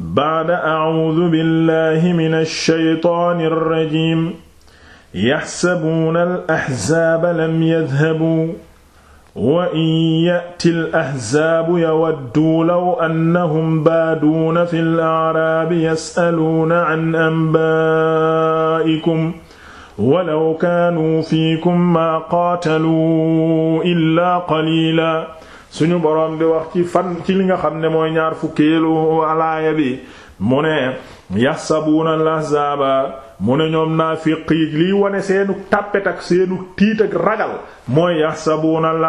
baada acuudu billahi min alshaytaani alrajim yaxsabuuna alaxzaaba lam yadhabuu wa in ya'ti alaxzaabu yawadduu law annahum baaduuna fi alacraabi yas'aluuna can anbaa'ikum walaw kaanuu fiikum maa qaataluu illaa qaliila suñu boroom di wax ci fan ci li nga xam ne mooy ñaar fukkeelu alaaya bi mu ne yaxsabuuna al ahzaaba mu ne ñoom naafiq yi liy seenu tàppet seenu tiit ak ragal mooy yahsabuna al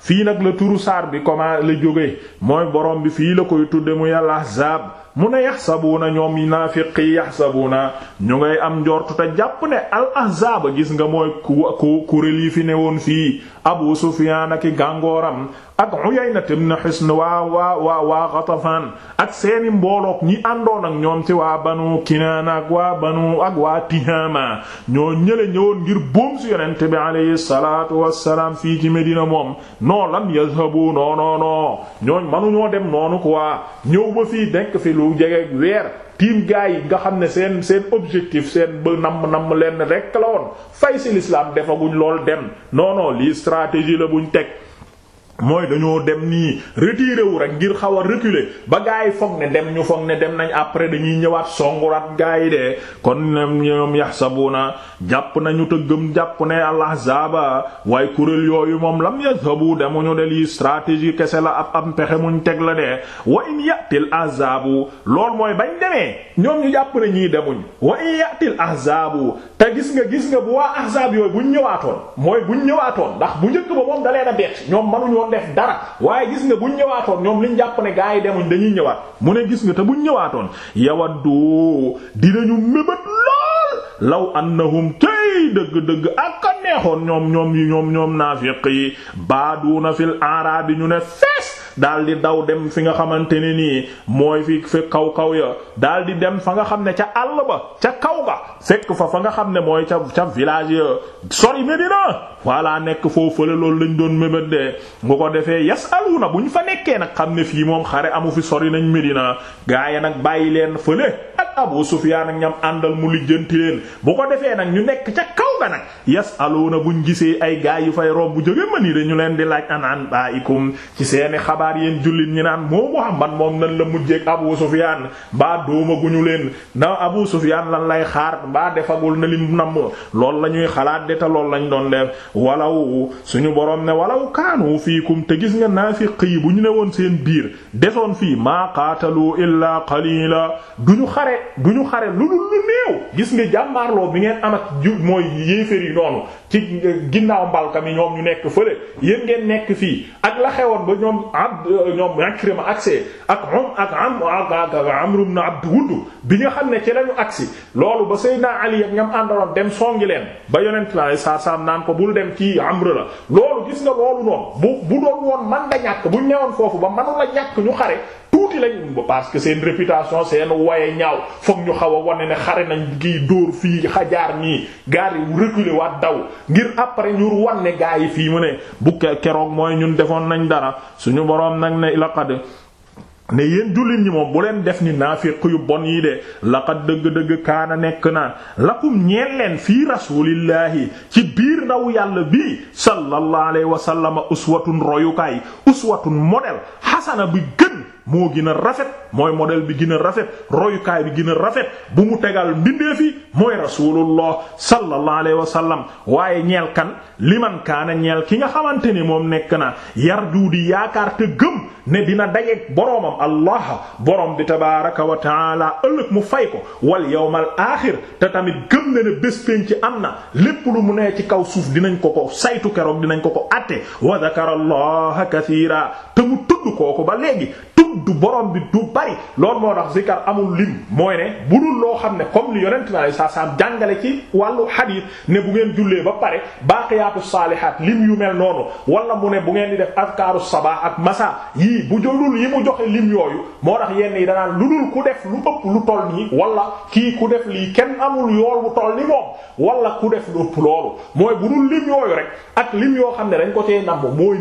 fii nag la turu saar bi comment la jóge mooy borom bi fii la koy tudde mu al-ahzab mu ne yahsabuna ñoom naafiq yi yahsabuna ñu ngay am njortu ta jàpp ne al-ahzaba gis nga mooy ku ku yi fi ne woon fii Abu Sufyaan ak gàngooram ak Uyayna ibn Hisn waa waa waa waa Ghatafaan ak seeni mboolook ñi àndoon ñoom ci waa Banu Kinaana waa Banu banu ak waa Tihaama ñoo ñële ñëwoon ngir boom si yonent bi alayhi salaatu wassalaam fii ci Medina moom noo lam yazhabu non non non ñooñ mënuñoo dem noonu quoi ñëw ba fii nekk fi lu jege weer tiim gaa yi nga xam ne seen seen objectif seen ba nam namm leen rekk la woon fay si lislaam defaguñ lool dem non non lii la buñ teg. mooy dañoo dem nii retiré wu rek ngir xaw a reculer ba gars yi foog ne dem ñu foog ne dem nañ après dañuy ñëwaat songurat gars yi de kon ñoom na jàpp nañu te gëm jàpp ne al-ahzaba waaye kuréel yooyu moom lam yadhabu demuñu de lii stratégie kese la ab am pexe muñ teg la de wa in ya'til ahzabu lool mooy bañ demee ñoom jàpp ne ñii demuñ wa in ya'til te gis nga gis nga bu waa ahzab yooyu buñ ñëwaatoon mooy buñ ñëwaatoon ndax bu njëkk ba moom dalee na bett ñoom manuñu doon def dara waaye gis nga buñ ñëwaatoon ñoom liñ jàpp ne gaa yi demuñ dañuy ñëwaat mu ne gis nga te buñ ñëwaatoon yawaddu dinañu mébét lool law annahum kay dëgg-dëgg ak neexoon ñoom ñoom ñoom ñoom naafiq yi baaduuna fil arabi ñu ne fees daal di daw dem fi nga xamante ne nii mooy fi fi kaw kaw ya daal di dem fa nga xam ne ca àll ba ca kaw ga fekk fa fa nga xam ne mooy ca ca village ya sori Medina voilà nekk foo fële loolu lañ doon mébét de ko defee yas alu na bu ñu fa nekkee nag xam ne fii moom xare amu fi sori nañ Medina gaay nag bàyyi leen fële ak Abu Sufyaan ak ñam àndal mu lijjanti leen bu ko defee nag ñu nekk ca kaw ga nag yasaluuna buñ gisee ay gaay yu fay rob bu jóge mën yi ñu leen di laaj an an baikum ci seeni xabaar yéen jullit ñi naan moo Muhammad moom nan la mujjeek Abu Sufyaan mbaa dóoma guñu leen ndaw Abu Sufyaan lan lay xaar mbaa defagul na lim namm lool la ñuy xalaat de te lool lañ doon def walaw suñu boroom ne walaw kaanu fiikum te gis nga naafiq yi bu ñu ne woon seen biir desoon fii maa qaatalu illaa du ñu xare lu lu néew gis nga jàmmaarloo bi ngeen am ak ju mooy yéeféer yi noonu ci ginnaaw mbalka mi ñoom ñu nekk fële yéen ngeen nekk fii ak la xewoon ba ñoom ab ñoom Ikrima agsi ak om ak am ak Amr ibn Abd Wudd bi nga xam ne ci lañu agsi loolu ba Seydina Ali ak ñam àndaloon dem songi leen ba yonent la sa sam naan ko bul dem ci Amr la loolu gis nga loolu noonu bu bu doon woon man da ñàkk buñ newoon foofu ba manu la ñàkk ñu xare tuuti lañ parce que seen réputation seen waye ñaaw foog ñu xaw a wane ne xare nañ kii dóor fii xajaar nii gaar yi reculer waat daw ngir après ñu wan ne gaa yi fii mu ne bu keroog mooy ñun defoon nañ dara suñu boroom nag ne laqad ne yéen jullit ñi moom bu leen def ni naafiq yu bon yi de laqad dëgg-dëgg kaana nekk na lakum ñeen leen fii rasulillahi ci biir ndaw yàlla bi sallallahu alayhi wa sallam uswatun royukaay uswatun modèle xasana bi gën moo gën rafet mooy modèle bi gën rafet royukaay bi gën rafet bu mu tegal mbindeef yi mooy rasulullah sallallahu alayhi wa sallam waaye ñeel kan liman kaana ñeel ki nga xamante ni moom nekk na yarju di yaakaar te gëm ne dina dajeek boroomam allah borom bi tabaaraka wa taala ëllëg mu fay ko wal yawmal aaxir te tamit gëm na ne bés pénc am na lépp lu mu nee ci kaw suuf dinañ ko ko saytu keroog dinañ ko ko àtte wa dhakara allah kathiira te mu tudd ba léegi tudd borom bi du bari loolu moo tax zikar amul lim mooy ne bu dul loo xam ne comme li yonent bi saa saam jàngale ci wàllu xadiis ne bu ngeen jullee ba pare baaqiyaatu saalihaat lim yu mel noonu wala mu ne bu ngeen di def azkaaru sabaa ak masa yii bu jëlul yi mu joxe lim yooyu moo tax yenn yi danaa lu dul ku def lu ëpp lu toll nii wala kii ku def lii kenn amul yool bu toll ni moom wala ku def lu ëpp loolu mooy bu dul lim yooyu rek ak lim yoo xam ne dañ ko cee namb mooy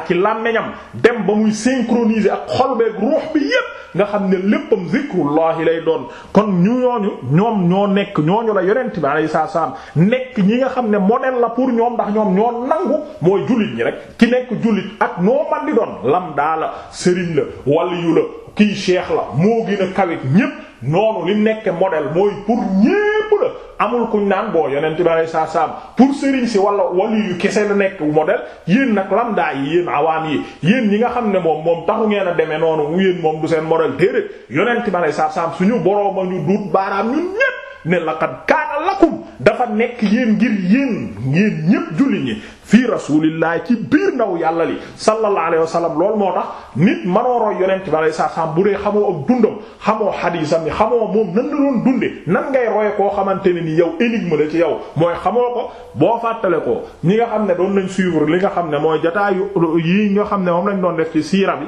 ta'ala ci làmmeñam dem ba muy synchroniser ak xol beek ruux bi yépp nga xam ne léppam zikrullahi lay doon kon ñu ñooñu ñoom ñoo nekk ñooñu la yonent bi alayhi salaam nekk ñi nga xam ne modèle la pour ñoom ndax ñoom ñoo nangu mooy jullit ñi rek ki nekk jullit ak noo man di doon lam daa la sëriñ la waliyu la kii cheikh la moo gën a kawit ñépp noonu li nekk modèle mooy pour ñépp la amul kuñ naan boo yonent bi alei saatu salaam pour sëriñ si wala wali yu kese la nekk modèle yéen nag lamdaa yi yéen awaan yi yéen ñi nga xam ne moom moom taxu ngeen a demee noonu yéen moom du seen modèle déedéet yonent bi alei saatu salaam suñu borooma ñu duut baaraam ñun ñépp ne laqad kaana lakum dafa nekk yéen ngir yéen ngeen ñépp julli ñi fii rasulillahi ci biir ndaw yàlla li sallallahu alayhi wa sallam loolu moo tax nit manoo roy yonent bi alayhi salaam bu dee xamoo ak dundam xamoo xadiisam ni xamoo moom nan la doon dunde nan ngay roye koo xamante ne ni yow énigme la ci yow mooy xamoo ko boo fàttale ko ñi nga xam ne doon nañ suivre li nga xam ne mooy jataayu yi nga xam ne moom lañ doon def ci siira bi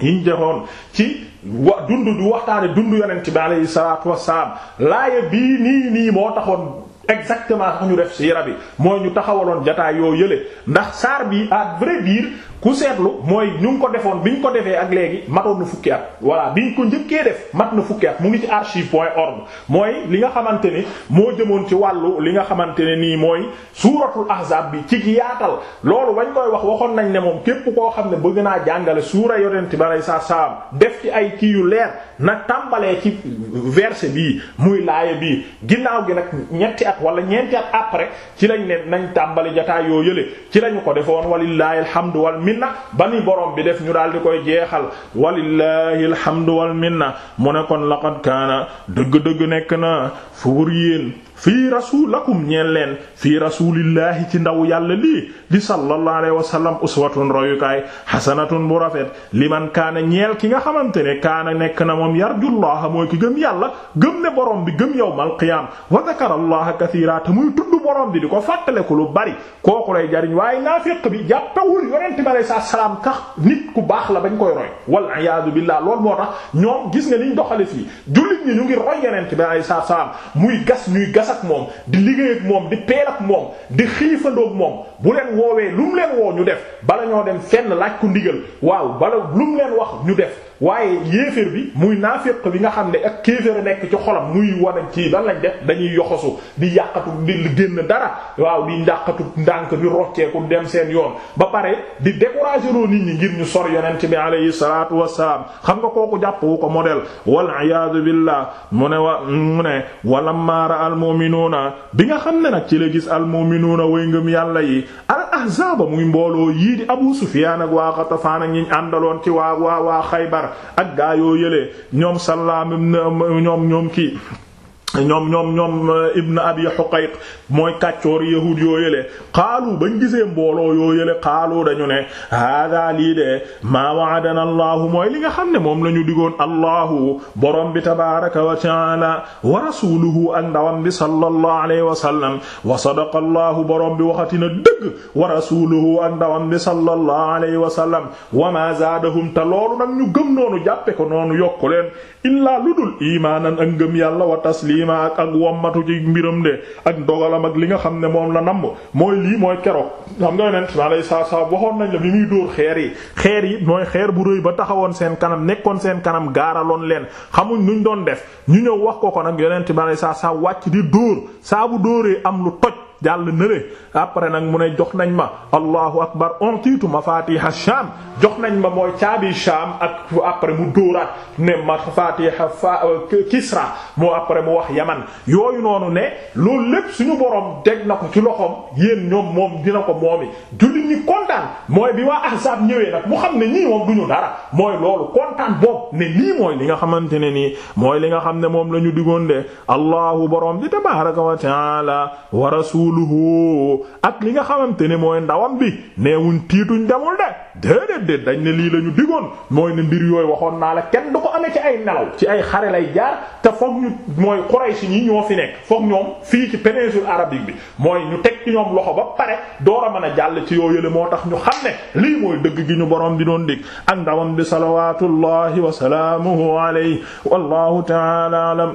yiñ joxoon ci wa dund du waxtaane dund yonent bi alayhi salaatu wassalaam laaya bii nii nii moo taxoon exactement sax ñu def siira bi moo ñu taxawaloon jataay yoo yële ndax saar bi à vrai dire ku seetlu mooy ñu ngi ko defoon bi ñu ko defee ak léegi matoon na fukki at voilà bi ñu ko njëkkee def mat na fukki at mu ngi ci archive point org mooy li nga xamante ne moo jëmoon ci wàllu li nga xamante ne nii mooy suuratul ahzab bi ci yaatal loolu bañ koy wax waxoon nañ ne moom képp koo xam ne bëgg naa jàngale suura yonent bi alei saatu salaam def ci ay kii yu leer na tàmbalee ci verset bii muy laaya bii ginnaaw gi nag ñetti at wala ñeenti at après ci lañ ne nañ tàmbali jotaay yoo yële ci lañu ko defoon walillahi alhamdu wal minna bani borom bi def ñu daal di koy jeexal walillahi alhamdu wal minna mu ne kon laqad kaana dëgg-dëgg nekk na fuur yéen fii rasul lakum ñeen leen fii rasulillahi ci ndaw yàlla lii di sallallahu alayhi wa sallam uswatun royukaay xasanatun bu rafet man kaana ñeel ki nga xamante ne kaana nekk na moom yarjullaha mooy ki gëm yàlla gëm ne borom bi gëm yawmal qiyaam wa dhakara allaha kathiira muy tudd borom bi di ko fàttaleku lu bari kooku lay jariñ waaye naafiq bi jàppewul yonent bi aley salaam tax nit ku baax la bañ koy roy wal iyaadu billaah lool moo tax ñoom gis nga liñ doxale fii jullit ñi ñu ngir roy yonent bi aley salaam muy gas ñuy gas ak moom di liggéey ak moom di peel ak moom di xiifandoog moom bu leen woowee lu mu leen woo ñu def bala ñoo dem fenn laaj ko ndigal waaw bala lu mu leen wax ñu def waaye yéeféer bi muy naaféq bi nga xam ne ak kéeféer nekk ci xolam muy wane ci lan lañ def dañuy yoxosu di yàqatu di génn dara waaw di njàqatu ndànk di rocceeku dem seen yoon ba pare di décourager loo nit ñi ngir ñu sor yonent bi alayhi salaatu wassalaam xam nga kooku jàpp wu ko modèle wal iyaadu billah mu ne wa mu ne walammaa ra al bi nga xam ne nag ci la gis al mu'minuuna way ngëm yàlla yi ahzaaba muy mbooloo yii di Abu Sufyaan ak waa Xatafaan ak ñi àndaloon ci waa waa waa Xaybar ak gaa yoo yëlee ñoom Sallaam ñoom ñoom kii ñoom ñoom ñoom euh, ibn abi huqayq mooy kàccoor yahud yoo yële xaalu bañ gisee mbooloo yoo yële xaalu dañu ne hada lii de maa wa'adana allahu mooy li nga xam ne moom la ñu digoon allahu borom bi tabaraka wa taala wa rasuluhu ak bi sallallahu alayhi wa sallam wa sadaqa allahu borom bi waxatina dëgg wa rasuluhu wa sallam wa ma zaadahum te loolu nag ñu gëm noonu jàppe ko noonu yokku leen ludul imaanan ak ngëm wa taslim ma ak ak wommatu ci mbiram de ak dogalam ak li nga xam ne moom la namm mooy lii mooy keroog xam nga yonent naa lay saa saa waxoon nañ la bi muy dóor xeer yi xeer yi mooy xeer bu rëy ba taxawoon seen kanam nekkoon seen kanam gaaraloon leen xamuñ nuñ doon def ñu ñëw wax ko ko nag yonent naa lay saa saa wàcc di dóor saa bu dóoree am lu toj jàll nële après nag mun ne jox nañ ma allahu akbar ontiitu mafatiha sham jox nañ ma mooy caabi sham ak après mu dóoraat ne mafatiha fa euh, kisra moo après mu wax yaman yooyu noonu ne loolu lépp suñu borom teg na ko ci loxoom yéen ñoom moom dina ko moomi jullit ñi kontaan mooy bi waa ahzab ñëwee nag mu xam ne ñii moom duñu dara mooy loolu kontaan boobu ne lii mooy li nga xamante ne nii mooy li nga xam ne moom la ñu digoon de allahu borom rasuluhu ak li nga xamante ne mooy ndawam bi neewuñ tiituñ demul de déedéet déet dañ ne lii la ñu digoon mooy ne mbir yooyu waxoon naa la kenn du ko amee ci ay nelaw ci ay xare lay jaar te foog ñu mooy Quraysh ñi ñoo fi nekk foog ñoom fii ci péninsule arabique bi mooy ñu teg ci ñoom loxo ba pare door a mën a jàll ci yoo yële moo tax ñu xam ne lii mooy dëgg gi ñu borom bi doon dig ak ndawam bi salawatullahi wa salaamuhu alayhi wallahu ta'ala alam